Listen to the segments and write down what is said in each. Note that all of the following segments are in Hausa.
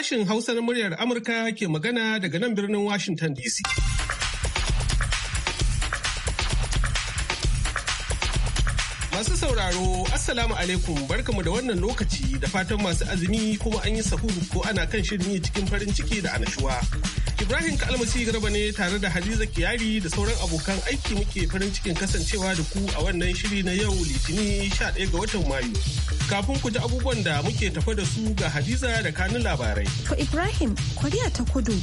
Sashin Hausa na muryar Amurka ke magana daga nan birnin Washington DC. Masu sauraro, Assalamu alaikum barkamu da wannan lokaci da fatan masu azumi kuma an yi sahuru ko ana kan shirin yi cikin farin ciki da anashuwa. Ibrahim Kalmasi Garba ne tare da Hadiza Kiyari da sauran abokan aiki muke farin cikin kasancewa da ku a wannan shiri na yau Litini 11 ga watan Mayu. Kafin ku ji abubuwan da muke tafa da su ga Hadiza da kanun labarai. To Ibrahim, Koriya ta Kudu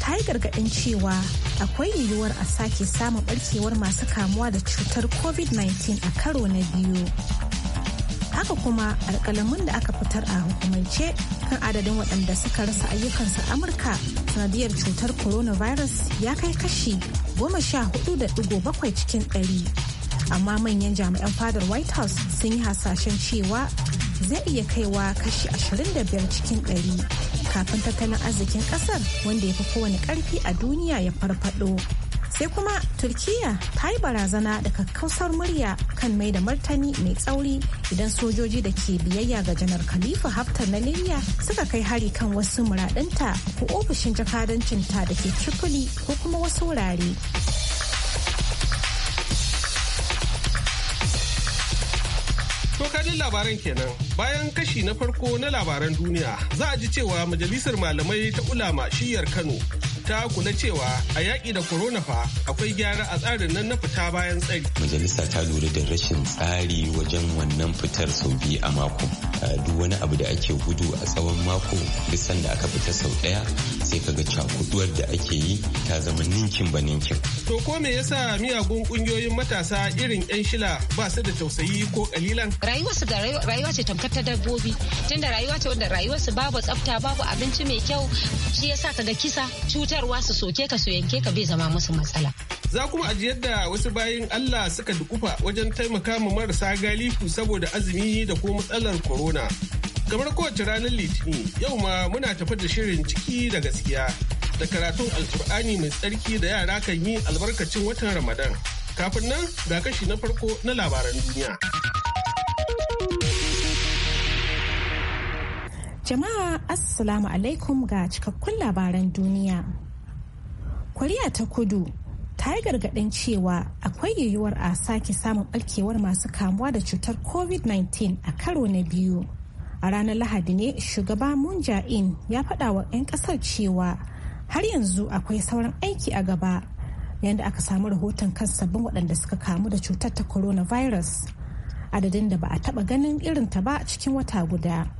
ta yi gargaɗin cewa akwai yiwuwar a sake samun barkewar masu kamuwa da cutar COVID-19 a karo na biyu. haka kuma alkalamin da aka fitar a hukumance kan adadin waɗanda suka rasa ayyukansu amurka sanadiyar cutar coronavirus ya kai kashi goma sha hudu da ɗigo bakwai cikin ɗari amma manyan jami'an fadar white house sun yi hasashen cewa zai iya kaiwa kashi ashirin da biyar cikin 100 kafin tattalin arzikin ƙasar wanda ya fi kowane ƙarfi a duniya ya farfaɗo. sai kuma turkiya ta yi barazana da kakkausar murya kan mai da martani mai tsauri idan sojoji da ke biyayya ga janar khalifa haftar na libya suka kai hari kan wasu muradinta ko ofishin jakadancinta da ke tripoli ko kuma wasu wurare Tokanin labaran kenan bayan kashi na farko na labaran duniya za a ji cewa majalisar malamai ta ulama shiyar Kano ta na cewa a yaƙi da corona fa akwai gyara a tsarin nan na fita bayan tsari. Majalisa ta lura da rashin tsari wajen wannan fitar sau biyu a mako. Duk wani abu da ake gudu a tsawon mako bisan da aka fita sau ɗaya sai ka ga cakuduwar da ake yi ta zama ninkin ba ninkin. To ko me yasa miyagun ƙungiyoyin matasa irin 'yan shila ba su da tausayi ko kalilan? Rayuwarsu da rayuwa ce tamkar ta dabbobi tunda rayuwa ce wanda rayuwarsu babu tsafta babu abinci mai kyau shi yasa ga kisa cutar sayarwa su soke ka su ka bai zama musu matsala. Za kuma aji yadda wasu bayan Allah suka dukufa wajen taimaka mu marasa galifu saboda azumi da kuma matsalar corona. Kamar kowace ranar Litinin yau ma muna tafi da shirin ciki da gaskiya da karatun alkur'ani mai tsarki da yara kan yi albarkacin watan Ramadan. Kafin nan ga kashi na farko na labaran duniya. Jama'a Assalamu alaikum ga cikakkun labaran duniya. koriya ta kudu ta yi gargaɗin cewa akwai yiwuwar a sake samun ɓarkewar masu kamuwa da cutar covid-19 a karo na biyu a ranar lahadi ne shugaba moon in ya faɗa wa 'yan ƙasar cewa har yanzu akwai sauran aiki a gaba yadda aka samu rahoton kan sabbin waɗanda suka kamu da cutar ta coronavirus adadin da ba a taɓa ganin irin ta ba cikin wata guda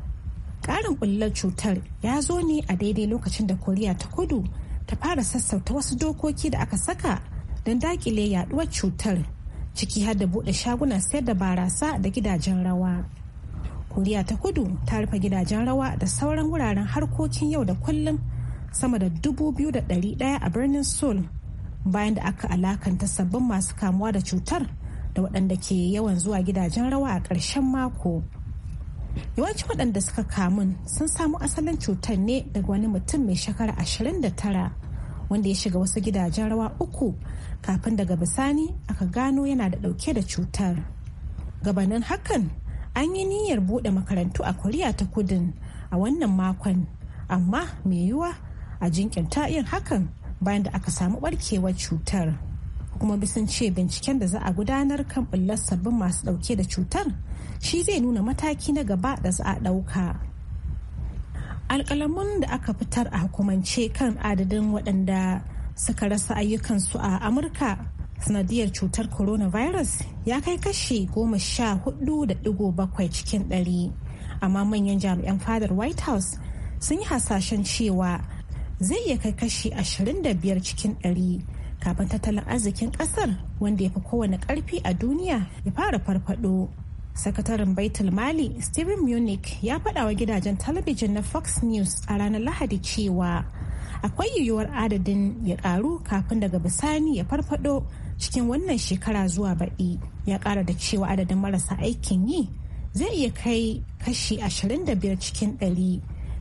ƙarin ɓullar cutar ya zo ne a daidai lokacin da koriya ta kudu ta fara sassauta wasu dokoki da aka saka don dakile yaduwar cutar ciki har da buɗe shaguna sayar da barasa da gidajen rawa koriya ta kudu ta rufe gidajen rawa da sauran wuraren harkokin yau da kullum sama da dubu biyu da ɗaya a birnin sol bayan da aka alakanta sabbin masu kamuwa da cutar da waɗanda ke yawan zuwa gidajen rawa a ƙarshen mako. yawanci waɗanda suka kamun sun samu asalin cutar ne daga wani mutum mai shekara tara wanda ya shiga wasu gidajen rawa uku kafin daga bisani aka gano yana da ɗauke da cutar gabanin hakan an yi niyyar buɗe makarantu a koriya ta kudin a wannan makon amma mai yiwuwa a jinkirta yin hakan bayan da aka samu ɓarkewar cutar. kuma sun ce binciken da za a gudanar kan bullar sabbin masu dauke da cutar shi zai nuna mataki na gaba da za a dauka alkalamun da aka fitar a hukumance kan adadin waɗanda suka rasa ayyukansu a amurka sanadiyar cutar coronavirus ya kai kashi goma sha hudu da digo bakwai cikin ɗari amma manyan jami'an fadar white house sun yi hasashen cewa zai iya kai kashi ashirin da biyar cikin dari. kafin tattalin arzikin kasar wanda ya fi kowane karfi a duniya ya fara farfado sakataren baitul mali steven munich ya faɗa wa gidajen talabijin na fox news a ranar lahadi cewa akwai yiwuwar adadin ya karu kafin daga bisani ya farfado cikin wannan shekara zuwa baɗi ya ƙara da cewa adadin marasa aikin yi zai iya kai kashi 25 cikin 100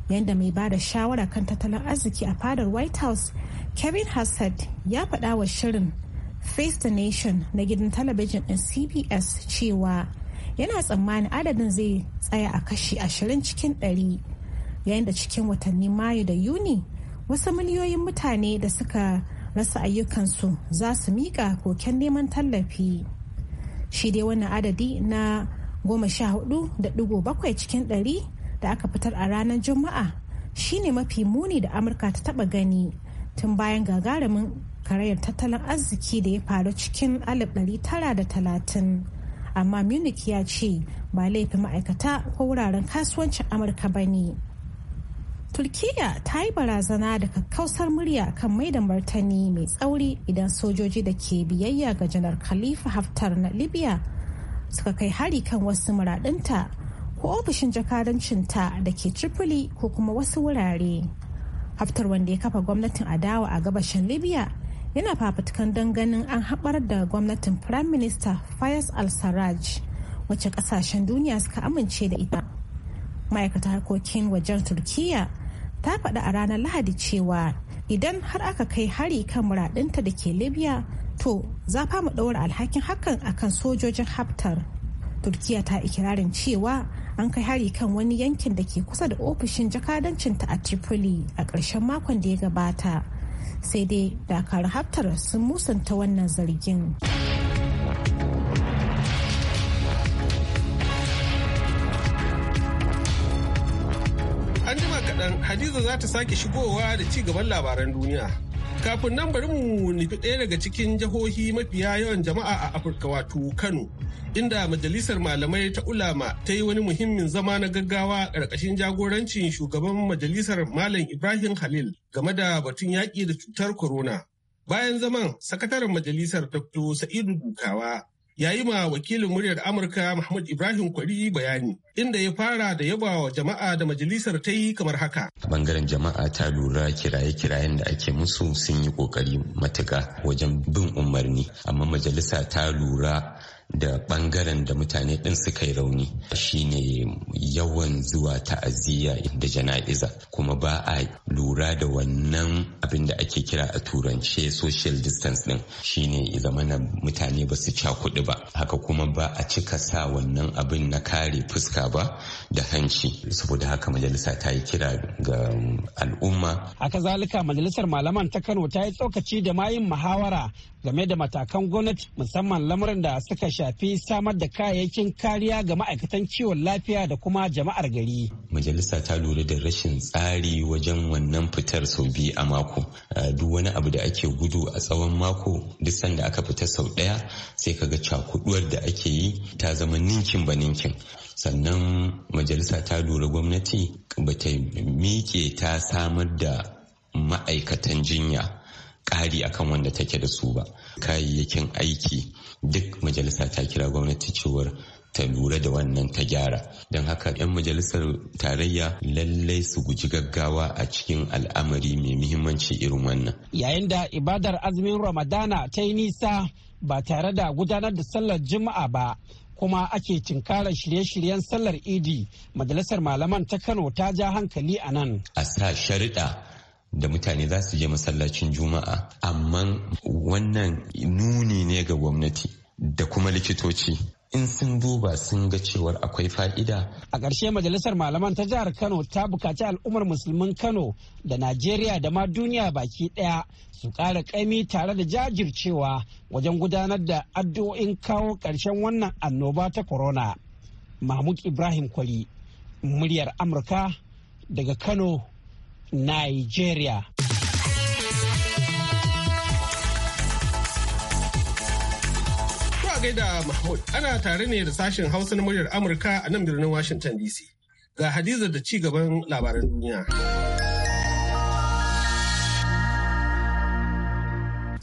yadda mai ba da shawara kan tattalin arziki a fadar white house Kevin Hassad ya faɗa wa shirin Face the Nation na gidan talabijin ɗin CBS cewa yana tsammanin adadin zai tsaya a kashi ashirin cikin ɗari yayin da cikin watanni Mayu da Yuni wasu miliyoyin mutane da suka rasa ayyukansu za su miƙa koken neman tallafi. Shi dai wannan adadi na goma sha hudu da digo bakwai cikin ɗari da aka fitar a ranar Juma'a shine mafi muni da Amurka ta taɓa gani. tun bayan gagarumin karayar tattalin arziki da ya faru cikin 1930 amma munich ya ce ba laifin ma'aikata ko wuraren kasuwancin amurka ba ne turkiya ta yi barazana da kakkausar murya kan mai da martani mai tsauri idan sojoji da ke biyayya ga janar khalifa haftar na libya suka kai hari kan wasu muradinta ko ofishin jakadancinta da ke tripoli ko kuma wasu wurare haftar wanda ya kafa gwamnatin adawa a gabashin libya yana fafutukan don ganin an haɓar da gwamnatin prime minister fayez al-sarraj wacce kasashen duniya suka amince da ita ma'aikatar harkokin wajen turkiya ta faɗi a ranar lahadi cewa idan har aka kai hari kan muradinta da ke libya to za mu ɗaura alhakin hakan akan sojojin haftar turkiya ta ikirarin cewa an kai hari kan wani yankin da ke kusa da ofishin jakadancinta a tripoli a ƙarshen makon da ya gabata sai dai dakar haftar sun musanta wannan zargin an jima kaɗan hadiza za ta sake shigowa da ci gaban labaran duniya Kafin nan bari mu nufi ɗaya daga cikin jihohi mafiya yawan jama'a a Afirka wato Kano, inda Majalisar Malamai ta Ulama ta yi wani muhimmin zama na gaggawa ƙarƙashin jagorancin shugaban Majalisar Malam Ibrahim Khalil game da batun yaƙi da cutar corona. Bayan zaman, sakataren majalisar Dr. Sa'idu Bukawa. ya yi ma wakilin muryar Amurka Muhammad Ibrahim Kwari bayani inda ya fara da yaba wa jama'a da majalisar ta yi kamar haka. Bangaren jama'a ta lura kiraye-kirayen da ake musu sun yi kokari matuka wajen bin umarni amma majalisa ta lura da bangaren da mutane din suka yi rauni shine yawan zuwa ta'aziyya da jana'iza kuma ba a lura da wannan abin da ake kira a turance social distance ɗin shine zamana mutane ba su kuɗi ba haka kuma ba a cika sa wannan abin na kare fuska ba da hanci saboda haka majalisa ta yi kira ga um, al'umma haka zalika majalisar malaman ta kano ta yi tsokaci da mayin muhawara game da matakan gwamnati musamman lamarin da suka shafi samar da kayayyakin kariya ga ma'aikatan kiwon lafiya da kuma jama'ar gari. Majalisa ta lura da rashin tsari wajen wannan fitar sau biyu a mako. Duk wani abu da ake gudu a tsawon mako duk sanda aka fita sau ɗaya sai ka ga cakuduwar da ake yi ta zama ninkin ba ninkin. Sannan majalisa ta lura gwamnati bata miƙe ta samar da ma'aikatan jinya ƙari akan wanda take da su ba. Kayayyakin aiki duk majalisa ta kira gwamnati cewar ta lura da wannan ta gyara don haka 'yan majalisar tarayya lallai su guji gaggawa a cikin al'amari mai muhimmanci irin wannan yayin da ibadar azumin ramadana ta yi nisa ba tare da gudanar da sallar juma'a ba kuma ake cinkara shirye-shiryen sallar idi majalisar malaman ta kano ta ja hankali a nan a sa shariɗa da mutane za su je masallacin juma'a amma wannan nuni ne ga gwamnati da kuma likitoci in sun duba sun ga cewar akwai fa'ida. A ƙarshe majalisar malaman ta jihar Kano ta bukaci al'ummar musulmin Kano da Najeriya da ma duniya baki ɗaya su ƙara ƙaimi tare da jajircewa wajen gudanar da addu'o'in kawo ƙarshen wannan annoba ta corona. Mahmud Ibrahim Kwari, muryar Amurka daga Kano, Nigeria. gaida Mahmud ana tare ne da sashen Hausa na muryar Amurka a nan birnin Washington DC. Ga Hadiza da ci gaban labaran duniya.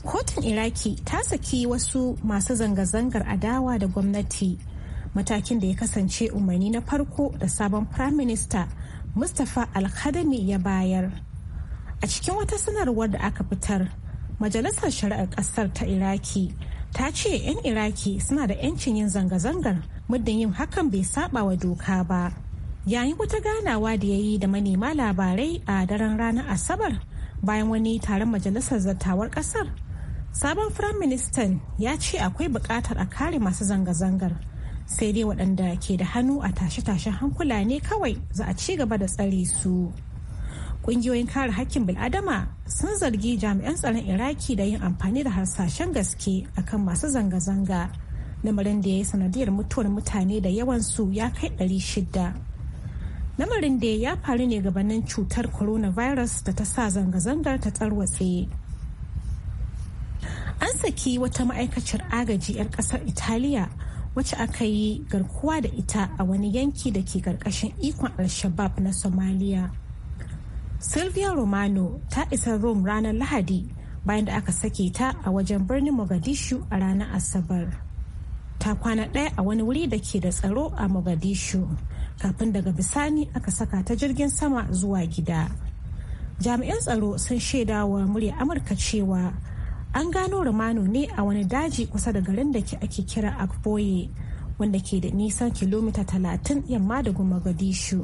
Kotun Iraki ta saki wasu masu zanga-zangar adawa da gwamnati. Matakin da ya kasance umarni na farko da sabon Prime Minister mustapha alkadami ya bayar a cikin wata sanarwar da aka fitar majalisar shari'ar ƙasar ta iraki ta ce 'yan iraki suna da 'yancin yin zanga-zangar muddin yin hakan bai saba wa doka ba yayin wata ganawa da ya yi da manema labarai a daren ranar asabar bayan wani taron majalisar zattawar ƙasar sabon firaministan ya ce akwai buƙatar a kare masu zanga-zangar sai dai waɗanda ke da hannu a tashe-tashen hankula ne kawai za a ci gaba da tsare su ƙungiyoyin kare hakkin bil'adama sun zargi jami'an tsaron iraki da yin amfani da harsashen gaske akan masu zanga-zanga lamarin da ya yi sanadiyar mutuwar mutane da yawan su ya kai 600 lamarin da ya faru ne gabanin cutar coronavirus da ta sa zanga-zangar ta tsarwatse an saki wata ma'aikacin agaji 'yar ƙasar italiya wacce aka yi garkuwa da ita a wani yanki da ke karkashin ikon al-shabab na somalia sylvia romano ta isa rome ranar lahadi bayan da aka sake ta a wajen birnin mogadishu a ranar asabar ta kwana ɗaya a wani wuri da ke da tsaro a mogadishu kafin daga bisani aka saka ta jirgin sama zuwa gida jami'an tsaro sun shaida wa murya amurka cewa an gano romano ne a wani daji kusa da garin da ke ake kira akboye wanda ke da nisan kilomita 30 yamma da gumagadishu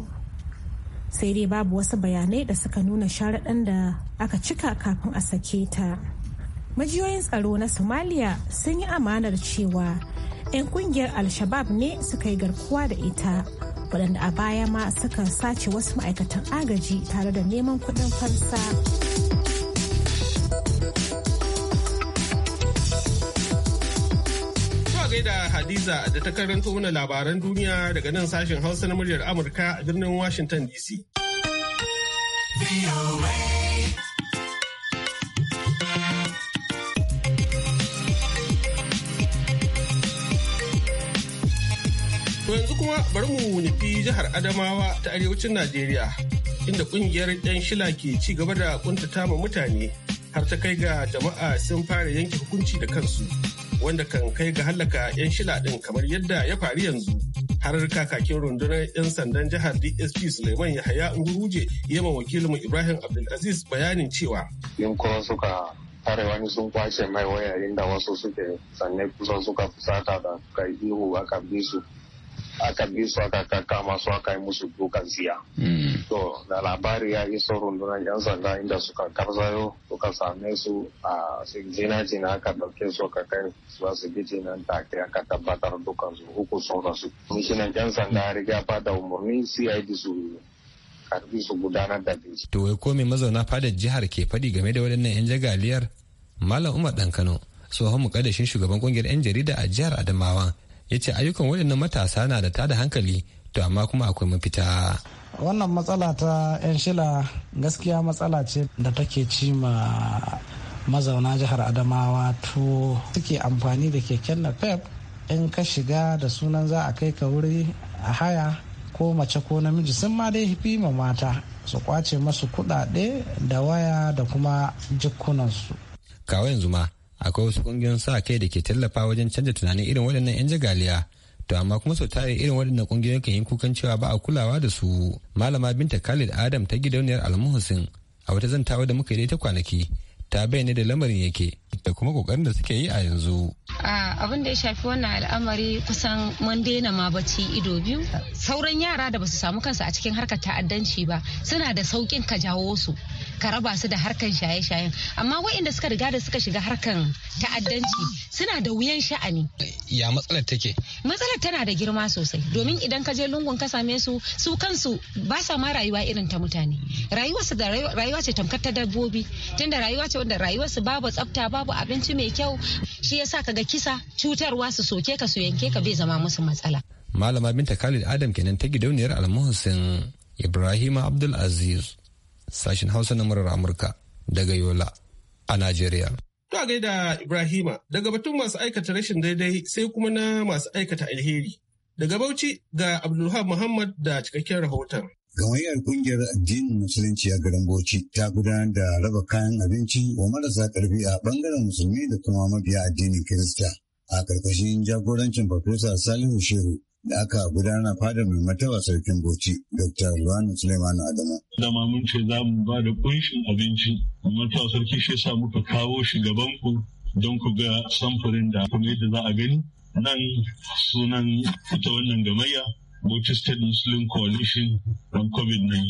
sai dai babu wasu bayanai da suka nuna sharaɗan da aka cika kafin a sake ta majiyoyin tsaro na somalia sun yi amanar cewa 'yan kungiyar alshabab ne suka yi garkuwa da ita waɗanda a baya ma suka sace wasu ma'aikatan agaji tare da neman kuɗin fansa. da Hadiza da ta karanto mana labaran duniya daga nan sashen Hausa na muryar Amurka a birnin Washington DC. To yanzu kuma bari mu nufi jihar Adamawa ta arewacin Najeriya inda kungiyar 'yan shila ke ci gaba da kuntata ma mutane har ta kai ga jama'a sun fara yanke hukunci da kansu. wanda kan kai ga hallaka 'yan shila ɗin kamar yadda ya faru yanzu har kakakin rundunar 'yan sandan jihar dsp suleiman yahaya nguruje yema wakilinmu ibrahim abdulaziz bayanin cewa yin kuma suka tare wani sun kwace mai wayayin da wasu suke sannan kusan suka fusata da kai ihu aka bi su aka bi su aka kama su aka yi musu dukan siya. Hmm. To da labari ya iso rundunar yan sanda inda suka karzayo suka same su a jina jina aka dauke su aka kai su asibiti nan take aka tabbatar dukan su uku sun rasu. Mishinan yan sanda ya riga da umarni CID su karbi su gudanar da bincike. To wai ko me mazauna fadar jihar ke faɗi game da waɗannan 'yan jagaliyar? Malam Umar Dan Kano, tsohon mukaddashin shugaban kungiyar 'yan jarida a jihar Adamawa ya ce ayyukan waɗannan matasa na da tada hankali to amma kuma akwai mafita wannan matsala ta 'yan shila gaskiya matsala ce da take ci ma mazauna jihar adamawa to suke amfani da keken napep in ka shiga da sunan za a kai ka wuri a haya ko mace ko namiji sun ma dai fi ma mata su kwace masu kudade da waya da kuma jikunansu kawai yanzu ma akwai wasu kungiyoyin sa kai da ke tallafa wajen canza tunanin irin waɗannan 'yan jagaliya to amma kuma sau tare irin waɗannan kungiyoyin kan yi kukan cewa ba a kulawa da su malama binta khalid adam ta gidauniyar almuhusin a wata zantawa da muka yi ta kwanaki ta bayyana da lamarin yake da kuma kokarin da suke yi a yanzu. abin da ya shafi wannan al'amari kusan mun daina ma bacci ido biyu sauran yara da basu samu kansu a cikin harkar ta'addanci ba suna da saukin ka jawo su ka raba su da harkar shaye-shayen amma waɗanda suka riga da suka shiga harkar ta'addanci suna da wuyan sha'ani ya matsalar take matsalar tana da girma sosai domin idan ka je lungun ka same su su kansu ba sa ma rayuwa irin ta mutane rayuwarsu da rayuwa ce tamkar ta dabbobi tunda rayuwa ce wanda rayuwarsu babu tsafta ba babu abinci mai kyau shi yasa ga kisa cutarwa su soke ka su yanke ka bai zama musu matsala malama binta khalid adam kenan ta gidauniyar almuhsin ibrahima abdul aziz sashin hausa na murar amurka daga yola a najeriya Ta gaida Ibrahima daga batun masu aikata rashin daidai sai kuma na masu aikata alheri. Daga Bauchi ga Abdulhab Muhammad da cikakken rahoton. Gamayyar kungiyar addinin musulunci a garin Bauchi ta gudanar da raba kayan abinci wa marasa ƙarfi a bangaren musulmi da kuma mabiya addinin Kirista. A ƙarƙashin jagorancin Farfesa Salihu Shehu da aka gudanar fadar mai matawa sarkin Bauchi, Dr. Luwanu Suleiman Adamu. Dama mun ce za mu ba da kunshin abinci, matawa sarki shi sa muka kawo shi gabanku don ku ga samfurin da kuma yadda za a gani. Nan sunan ita wannan gamayya Bauchi State Muslim Coalition don COVID-19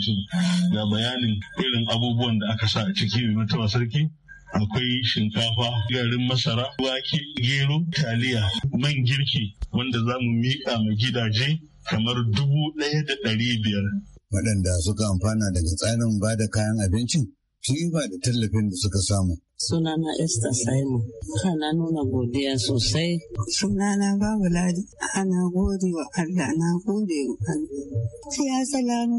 ga bayanin irin abubuwan da aka sa a ciki mai mutuwa sarki. Akwai shinkafa, garin masara, wake, gero, taliya, man girki wanda za mu miƙa ma gidaje kamar dubu ɗaya da ɗari biyar. Waɗanda suka amfana daga tsarin ba da kayan abincin su yi ba da tallafin da suka samu Sunana Esther Simon. Kana nuna godiya sosai. Sunana babu ladi. Ana gode wa Allah, na gode wa Allah. ya salamu.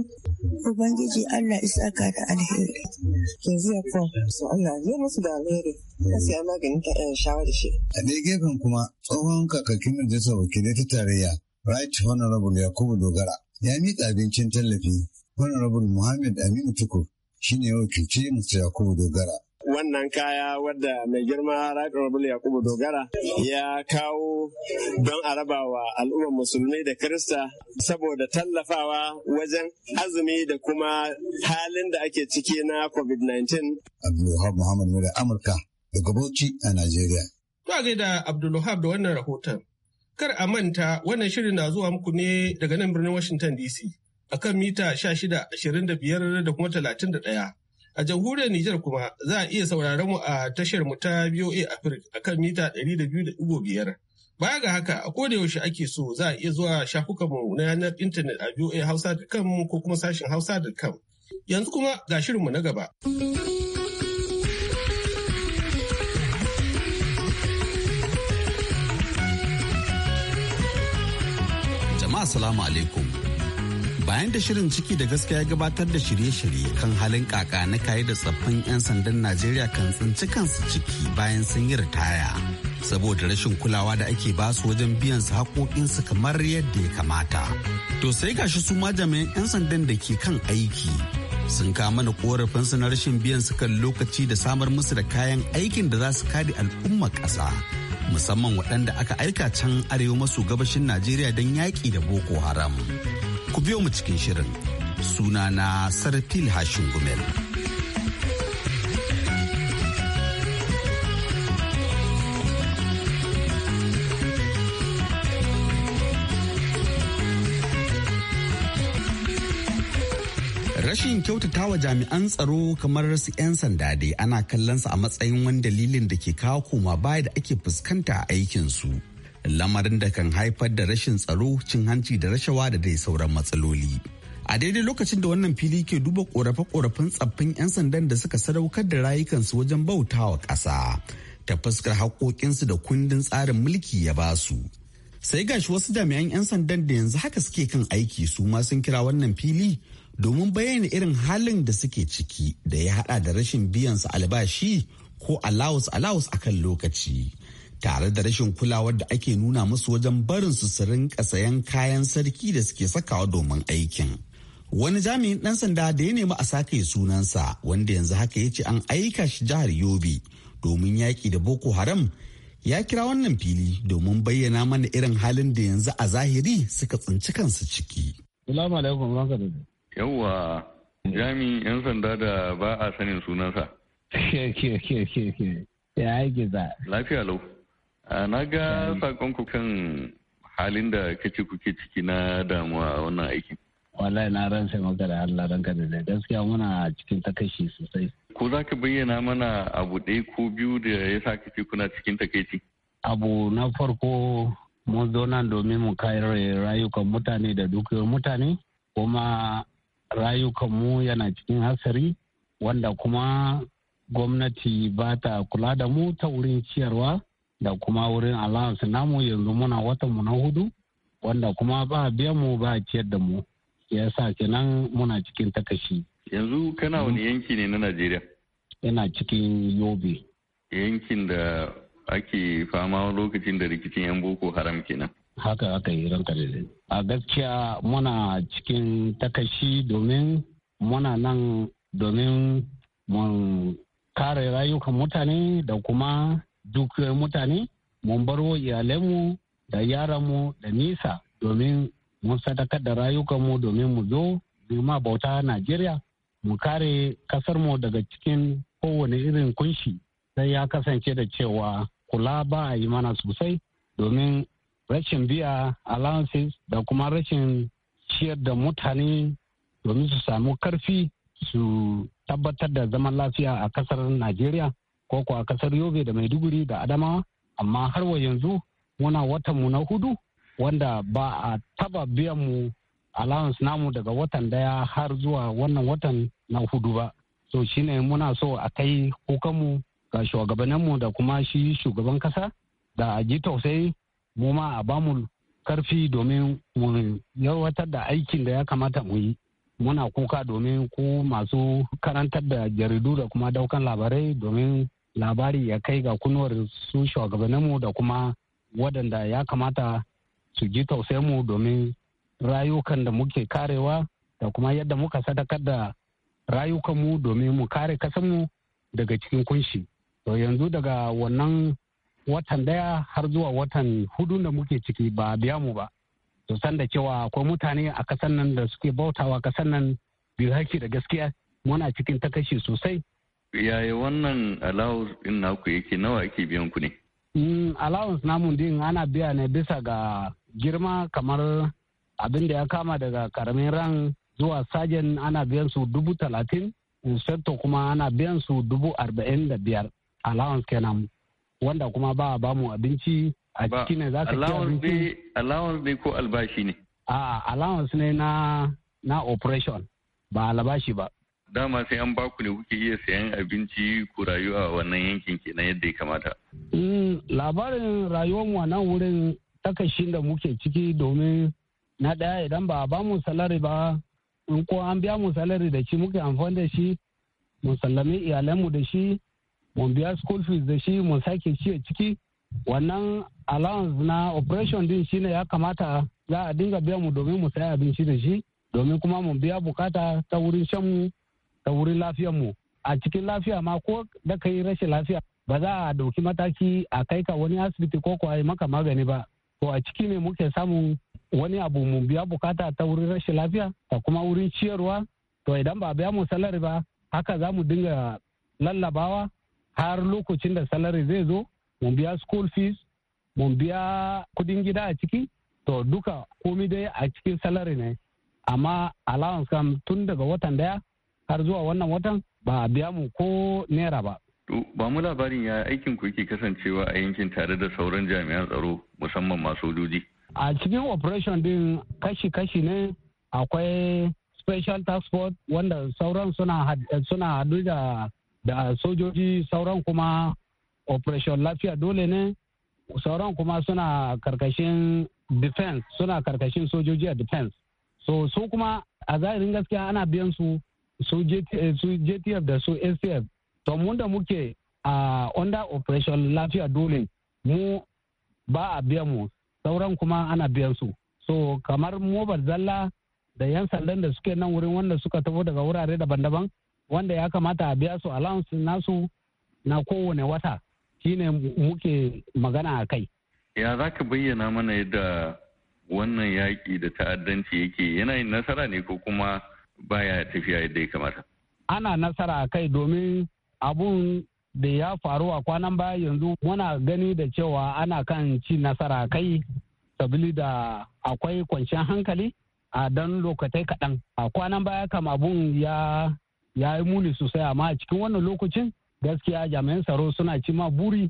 Ubangiji Allah ka da alheri. Ke zuwa ko su Allah ne musu da alheri. Ka siya magani ta ɗan shawar da shi. A dai gefen kuma tsohon kakakin majalisar wakilai ta tarayya Right Honorable Yakubu Dogara ya miƙa abincin tallafi Honorable Muhammad Aminu Tukur shine wakilci Mr. Yakubu Dogara. wannan kaya wadda mai girma Rabi Yakubu Dogara ya kawo don a raba wa al'ummar musulmi da Kirista saboda tallafawa wajen azumi da kuma halin da ake ciki na COVID-19. Abdulwahab Muhammad da Amurka da gabauci a Najeriya. To gaida Abdulwahab da wannan rahoton. Kar a manta wannan shirin na zuwa muku ne daga nan birnin Washington DC akan mita 16, 25 da kuma 31. A jamhuriyar Nijar kuma za a iya sauraron mu a tashar mu ta VOA Africa akan mita 200.5. Baya ga haka a koda yaushe ake so za a iya zuwa shafukan mu na yanar intanet a Hausa da voahausa.com ko kuma sashin Hausa da hausa.com. Yanzu kuma ga shirinmu na gaba. Jama'a salamu alaikum. bayan da shirin ciki da gaskiya gabatar da shirye-shirye kan halin kaka na kayi da tsaffin 'yan sandan najeriya kan tsinci kansu ciki bayan sun yi ritaya saboda rashin kulawa da ake basu wajen biyan su haƙoƙinsu kamar yadda ya kamata to sai gashi su ma jami'an 'yan sandan da ke kan aiki sun kama na su na rashin biyan su kan lokaci da samar musu da kayan aikin da za su kare al'umma ƙasa musamman waɗanda aka aika can arewa maso gabashin najeriya don yaƙi da boko haram Ku biyo mu cikin shirin Suna na Sarfil Hashin Gumel. Rashin kyautata wa jami'an tsaro kamar su 'yan sanda dai ana kallonsa a matsayin wani dalilin da ke kawo koma baya da ake fuskanta a aikinsu. lamarin da kan haifar da rashin tsaro cin hanci da rashawa da dai sauran matsaloli a daidai lokacin da wannan fili ke duba korafe korafin tsaffin 'yan sandan da suka sadaukar da rayukansu wajen bautawa ƙasa ta fuskar haƙoƙinsu da kundin tsarin mulki ya basu sai gashi wasu jami'an 'yan sandan da yanzu haka suke kan aiki su ma sun kira wannan fili domin bayyana irin halin da suke ciki da ya hada da rashin biyan su albashi ko alawus alawus akan lokaci tare da rashin kulawar da ake nuna musu wajen barin su su rinka sayan kayan sarki da suke sakawa domin aikin. Wani jami'in ɗan sanda da ya nemi a sake sunansa wanda yanzu haka ya ce an aika shi jihar Yobe domin yaƙi da Boko Haram ya kira wannan fili domin bayyana mana irin halin da yanzu a zahiri suka tsinci kansu ciki. Salamu alaikum Yawwa jami'in 'yan sanda da ba a sanin sunansa. Ke ke ke ke ke ya yi giza. Lafiya lau. na ga sakonku kan halin da kace kuke ciki na damuwa a wannan aikin wallahi na ran sai maka da Allah ka da gaskiya muna cikin takashi sosai ko za ka bayyana mana abu ɗaya ko biyu da ya sa kace kuna cikin takaici abu na farko mun zo domin mu kare rayukan mutane da dukiyar mutane kuma rayukan mu yana cikin hasari wanda kuma gwamnati ba ta kula da mu ta wurin ciyarwa da kuma wurin allowance namu yanzu muna watan mu na hudu wanda kuma ba biyan mu ba ciyar da mu ya sa kenan muna cikin takashi yanzu kana wani mm-hmm. yanki ne na najeriya yana cikin yobe yankin da ake fama lokacin da rikicin yan boko haram kenan haka aka yi ranka da a gaskiya muna cikin takashi domin muna nan domin mun kare rayukan mutane da kuma duk eh, mutane mun barwo iyalanmu da mu da nisa domin mun sadakar da mu domin mu zo ma bauta Najeriya mu kare kasarmu daga cikin kowane irin kunshi sai ya kasance da cewa kula ba a yi mana sosai domin rashin biya allowances da kuma rashin ciyar da mutane domin su samu karfi su tabbatar da zaman lafiya a kasar Najeriya ko kuwa a kasar yobe da maiduguri da Adama amma har wa yanzu muna watan mu na hudu wanda ba a taba biyan mu allowance namu daga watan daya har zuwa wannan watan na hudu ba so shine muna so a kai kukanmu ga shugabanninmu da kuma shi shugaban kasa da a ji tausayi mu ma a bamu karfi domin mu yawatar da aikin da ya kamata mu yi muna kuka domin ku masu karantar da jaridu da kuma daukan labarai domin labari ya kai ga kunuwar su shugabanninmu da kuma waɗanda ya kamata su ji mu domin rayukan da muke karewa da kuma yadda muka sadakar da rayukanmu domin mu kare kasanmu daga cikin kunshi. To yanzu daga wannan watan daya har zuwa watan hudu da muke ciki ba biya mu ba. To san da cewa akwai mutane a kasan nan da suke bautawa kasan nan biyu haƙƙi da gaskiya muna cikin takashi sosai yaya wannan allowance din naku yake nawa ake biyan ku ne mm, allowance namun din ana biya ne bisa ga girma kamar abin da ya kama daga karamin ran zuwa sajen ana biyan su dubu talatin inspector kuma ana biyan su dubu arba'in da biyar allowance kenan wanda kuma ba a bamu abinci a ciki ne za ka abinci allowance ne ko albashi ne a allowance ne na na operation ba albashi ba dama sai an baku ne kuke iya sayan abinci ku rayuwa a wannan yankin kenan yadda ya kamata. Eh, labarin rayuwar mu a nan wurin takashin da muke ciki domin na ɗaya idan ba a ba mu salari ba in ko an biya mu salari da shi muke amfani da shi mu sallami iyalanmu da shi mu biya school fees da shi mu sake shi a ciki wannan allowance na operation din shine ya kamata za a dinga biya mu domin mu sayi abinci da shi domin kuma mu biya bukata ta wurin shan mu ta wurin mu a cikin lafiya ma ko da ka yi rashin lafiya ba za a dauki mataki a kai ka wani asibiti ko kuwa yi maka magani ba to a ciki ne muke samun wani abu mu biya bukata ta wurin rashin lafiya da kuma wurin ciyarwa to idan ba biya mu salari ba haka za mu dinga lallabawa har lokacin da salari zai zo mu biya school fees mu biya kudin gida a ciki to duka komi dai a cikin salari ne amma allowance kam tun daga watan daya har zuwa wannan watan ba a biya mu ko naira ba. ba mu labarin ya aikin ku yake kasancewa a yankin tare da sauran jami'an tsaro musamman masu sojoji. a cikin operation din kashi-kashi ne akwai special task force wanda sauran suna hadu da da sojoji sauran kuma operation lafiya dole ne sauran kuma suna karkashin defense suna karkashin sojoji a defense so su kuma a zahirin gaskiya ana biyan su su jtf eh, da su stf to mun da muke a under operation lafiya dole mu ba a biya mu sauran kuma ana biyan su so kamar mobar zalla da yan sandan da suke nan wurin wanda suka tafi daga wurare daban-daban wanda ya kamata a biya su allowance nasu na kowane wata shine muke magana a kai ya za ka bayyana mana yadda wannan yaƙi da ta'addanci yake yanayin nasara ne ko kuma baya tafiya yadda ya kamata ana nasara a kai domin abun da ya faru a kwanan baya yanzu muna gani da cewa ana kan ci nasara kai sabili da akwai kwanciyar hankali a dan lokatai kaɗan a kwanan baya kam abun ya ya yi muni sosai amma a cikin wannan lokacin gaskiya jami'an tsaro suna ci ma buri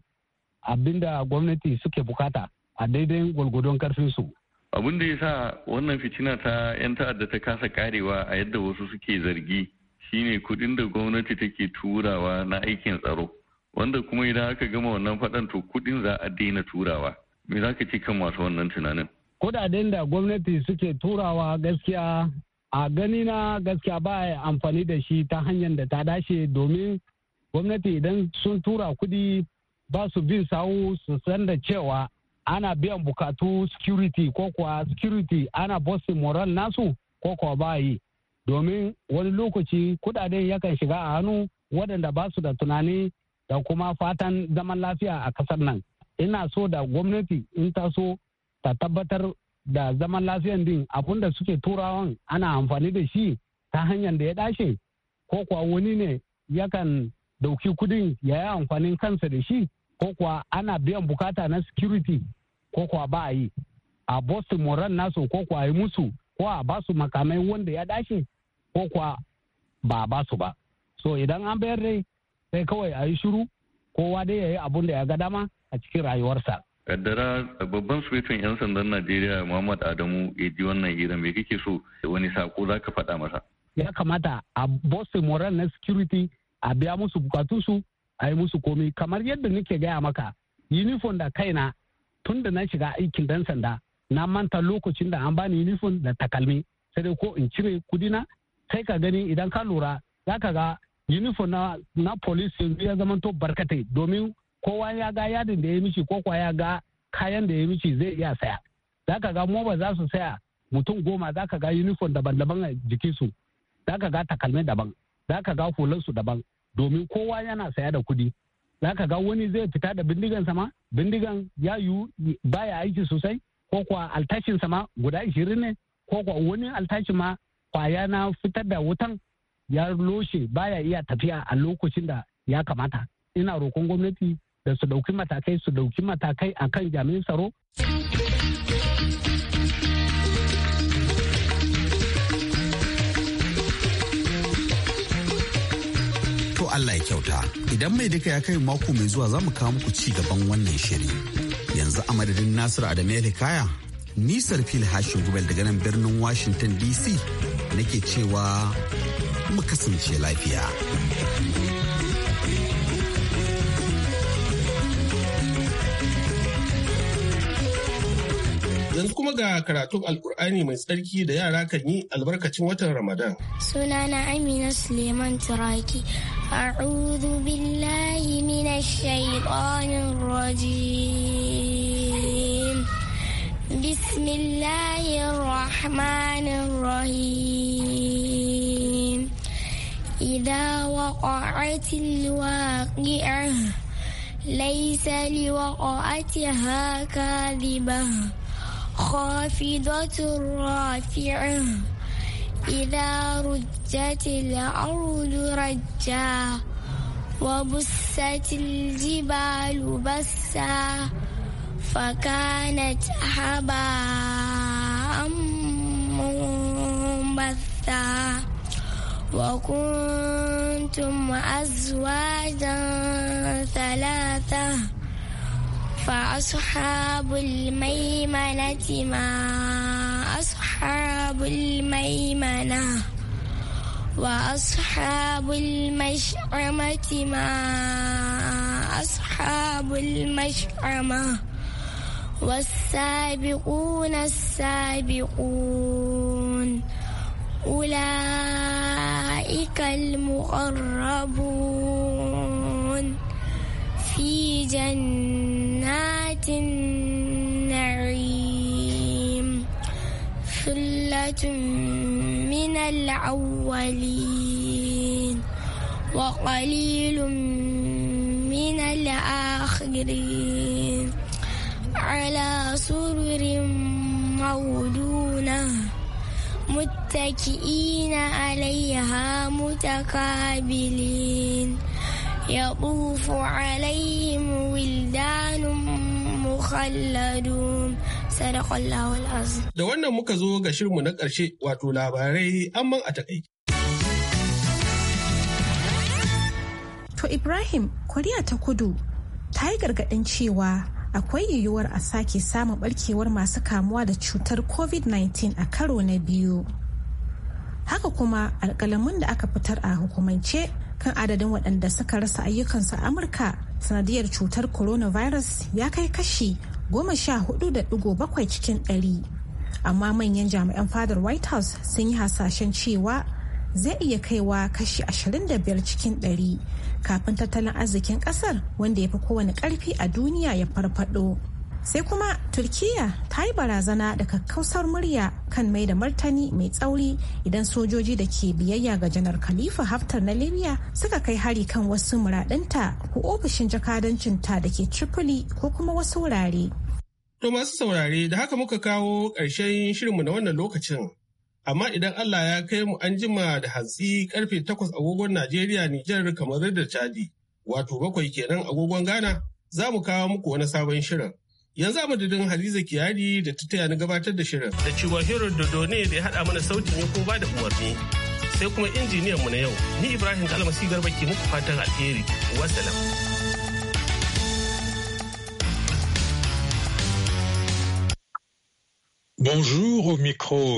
abinda gwamnati suke bukata a daidai gwalgwadon karfinsu abin da ya sa wannan fitina ta 'yan ta'adda ta kasa karewa a yadda wasu suke zargi shine kudin da gwamnati take turawa na aikin tsaro wanda kuma idan aka gama wannan faɗan to kudin za a daina turawa me za ka ce kan masu wannan tunanin kudaden da gwamnati suke turawa gaskiya a gani na gaskiya ba a amfani da shi ta hanyar da ta dace domin gwamnati idan sun tura kudi ba su bin sawu su san da cewa ana biyan bukatu security ko kuwa security ana bossin moral nasu ko kuwa ba yi domin wani lokaci kudaden yakan shiga a hannu waɗanda ba su da tunani da kuma fatan zaman lafiya a kasar nan ina so da gwamnati in ta so ta tabbatar da zaman lafiyan din abinda suke turawan ana amfani da shi ta hanyar da ya dace ko kuwa wani ne yakan dauki kudin ya yi amfanin kansa da shi ko kuwa ana biyan bukata na security ko kuwa ba a yi a bosu moran nasu ko kuwa yi musu ko a ba su makamai wanda ya dace ko kuwa ba a ba su ba so idan an bayar dai sai kawai a yi shiru kowa dai ya yi abun da ya ga dama a cikin rayuwarsa kaddara babban sufetin 'yan sandan najeriya muhammad adamu ya ji wannan hira mai kake so wani sako za ka faɗa masa ya kamata a bosu moran na security a biya musu bukatunsu a yi musu komai kamar yadda nake gaya maka uniform da kaina tun da na shiga aikin dan sanda na manta lokacin da an bani uniform da takalmi sai dai ko in cire kudina sai ka gani idan ka lura za ka ga uniform na, na police yanzu ya zama to domin kowa ya ga yadin da ya mishi ko kuwa ya ga kayan da ya mishi zai iya saya za ka ga moba za su saya mutum goma za ka ga uniform daban-daban a jikinsu za ka ga takalmai daban za ka ga hulansu daban domin kowa yana saya da kuɗi zaka ga wani zai fita da bindigan sama bindigan ya yiwu baya aiki sosai ko kuwa altashin sama guda ishirin ne ko kuwa wani altashin ma kwaya na fitar da wutan ya loshe baya iya tafiya a lokacin da ya kamata ina roƙon gwamnati da su ɗauki matakai su ɗauki matakai akan jami'in tsaro. Allah ya kyauta. Idan mai duka ya kai mako mai zuwa zamu mu kawo muku ci gaban wannan shiri. Yanzu a madadin Nasiru Adamu Hikaya, nisar fil hashin gubel daga nan birnin Washington DC nake cewa mu kasance lafiya. yanzu kuma ga karatun alkur'ani mai tsarki da yara kan yi albarkacin watan ramadan sunana amina suleiman turaki أعوذ بالله من الشيطان الرجيم بسم الله الرحمن الرحيم إذا وقعت الواقعة ليس لوقعتها كاذبة خافضة رافعة إذا رجت الأرض رجا وبست الجبال بسا فكانت هباء منبثا وكنتم أزواجا ثلاثة فأصحاب الميمنة ما وأصحاب الميمنة وأصحاب المشعمة ما أصحاب المشعمة والسابقون السابقون أولئك المقربون في جنات من الأولين وقليل من الآخرين على سرر مولونة متكئين عليها متقابلين يطوف عليهم ولدان مخلدون Sadaqallahul Da wannan muka zo ga shirmu na ƙarshe wato labarai amman a takaice. To Ibrahim, Koriya ta kudu ta yi gargaɗin cewa akwai yiwuwar a sake samun ɓarkewar masu kamuwa da cutar COVID-19 a karo na biyu. Haka kuma alkalamin da aka fitar a hukumance kan adadin waɗanda suka rasa ayyukansu a Amurka sanadiyar cutar coronavirus ya kai kashi goma sha hudu da digo bakwai cikin ɗari amma manyan jami'an fadar white house sun yi hasashen cewa zai iya kaiwa kashi ashirin da biyar cikin ɗari kafin tattalin arzikin kasar wanda ya fi kowane karfi a duniya ya farfado sai kuma turkiya ta yi barazana da kakkausar murya kan mai da martani mai tsauri idan sojoji da ke biyayya ga janar khalifa haftar na libya suka kai hari kan wasu muradinta ko ofishin jakadancinta da ke tripoli ko kuma wasu wurare to masu saurare da haka muka kawo ƙarshen shirinmu na wannan lokacin amma idan allah ya kai mu an jima da hatsi karfe takwas agogon najeriya nijar kamar da chadi wato bakwai kenan agogon ghana za mu kawo muku wani sabon shirin Yanzu a madadin Hadiza Kiyari da ta taya ni gabatar da shirin. Da cewa Hero Dodo ne da ya haɗa mana sautin ya ko ba da umarni. Sai kuma injiniyan mu na yau, ni Ibrahim Kalmasi Garba ke muku fatan alheri. Wassalam. Bonjour au micro